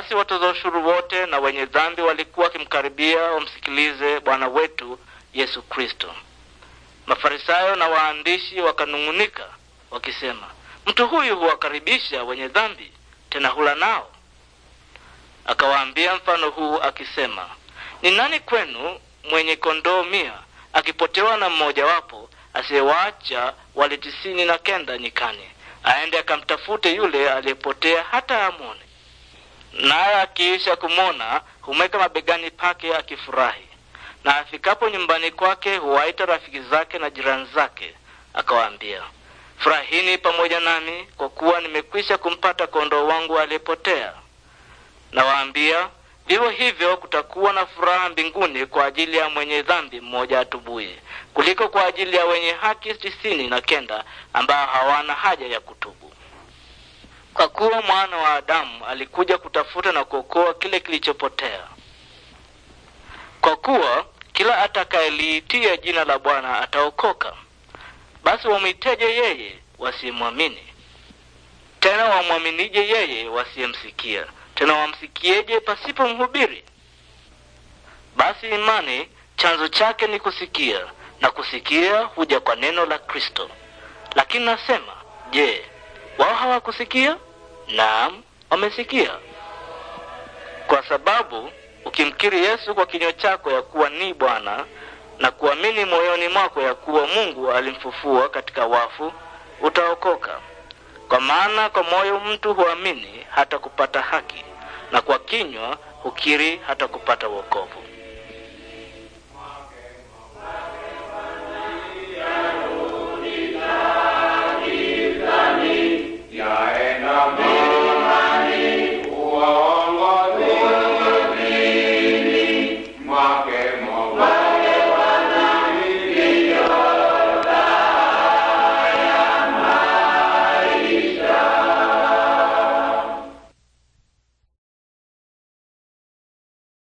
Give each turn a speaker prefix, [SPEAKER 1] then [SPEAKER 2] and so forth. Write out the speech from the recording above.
[SPEAKER 1] Basi watoza ushuru wote na wenye dhambi walikuwa wakimkaribia wamsikilize Bwana wetu Yesu Kristo. Mafarisayo na waandishi wakanung'unika wakisema, mtu huyu huwakaribisha wenye dhambi, tena hula nao. Akawaambia mfano huu akisema, ni nani kwenu mwenye kondoo mia akipotewa na mmojawapo, asiyewaacha wale tisini na kenda nyikani, aende akamtafute yule aliyepotea hata amwone? naye akiisha kumwona humweka mabegani pake akifurahi, na afikapo nyumbani kwake huwaita rafiki zake na jirani zake, akawaambia, furahini pamoja nami, kwa kuwa nimekwisha kumpata kondoo wangu aliyepotea. Nawaambia, vivyo hivyo kutakuwa na furaha mbinguni kwa ajili ya mwenye dhambi mmoja atubuye kuliko kwa ajili ya wenye haki tisini na kenda ambao hawana haja ya kutubu kwa kuwa mwana wa Adamu alikuja kutafuta na kuokoa kile kilichopotea. Kwa kuwa kila atakayeliitia jina la Bwana ataokoka. Basi wamwiteje yeye wasiyemwamini? Tena wamwaminije yeye wasiyemsikia? Tena wamsikieje pasipo mhubiri? Basi imani chanzo chake ni kusikia, na kusikia huja kwa neno la Kristo. Lakini nasema, je, wao hawakusikia? Naam, wamesikia. Kwa sababu ukimkiri Yesu kwa kinywa chako ya kuwa ni Bwana na kuamini moyoni mwako ya kuwa Mungu alimfufua katika wafu, utaokoka. Kwa maana kwa moyo mtu huamini hata kupata haki, na kwa kinywa hukiri hata kupata wokovu.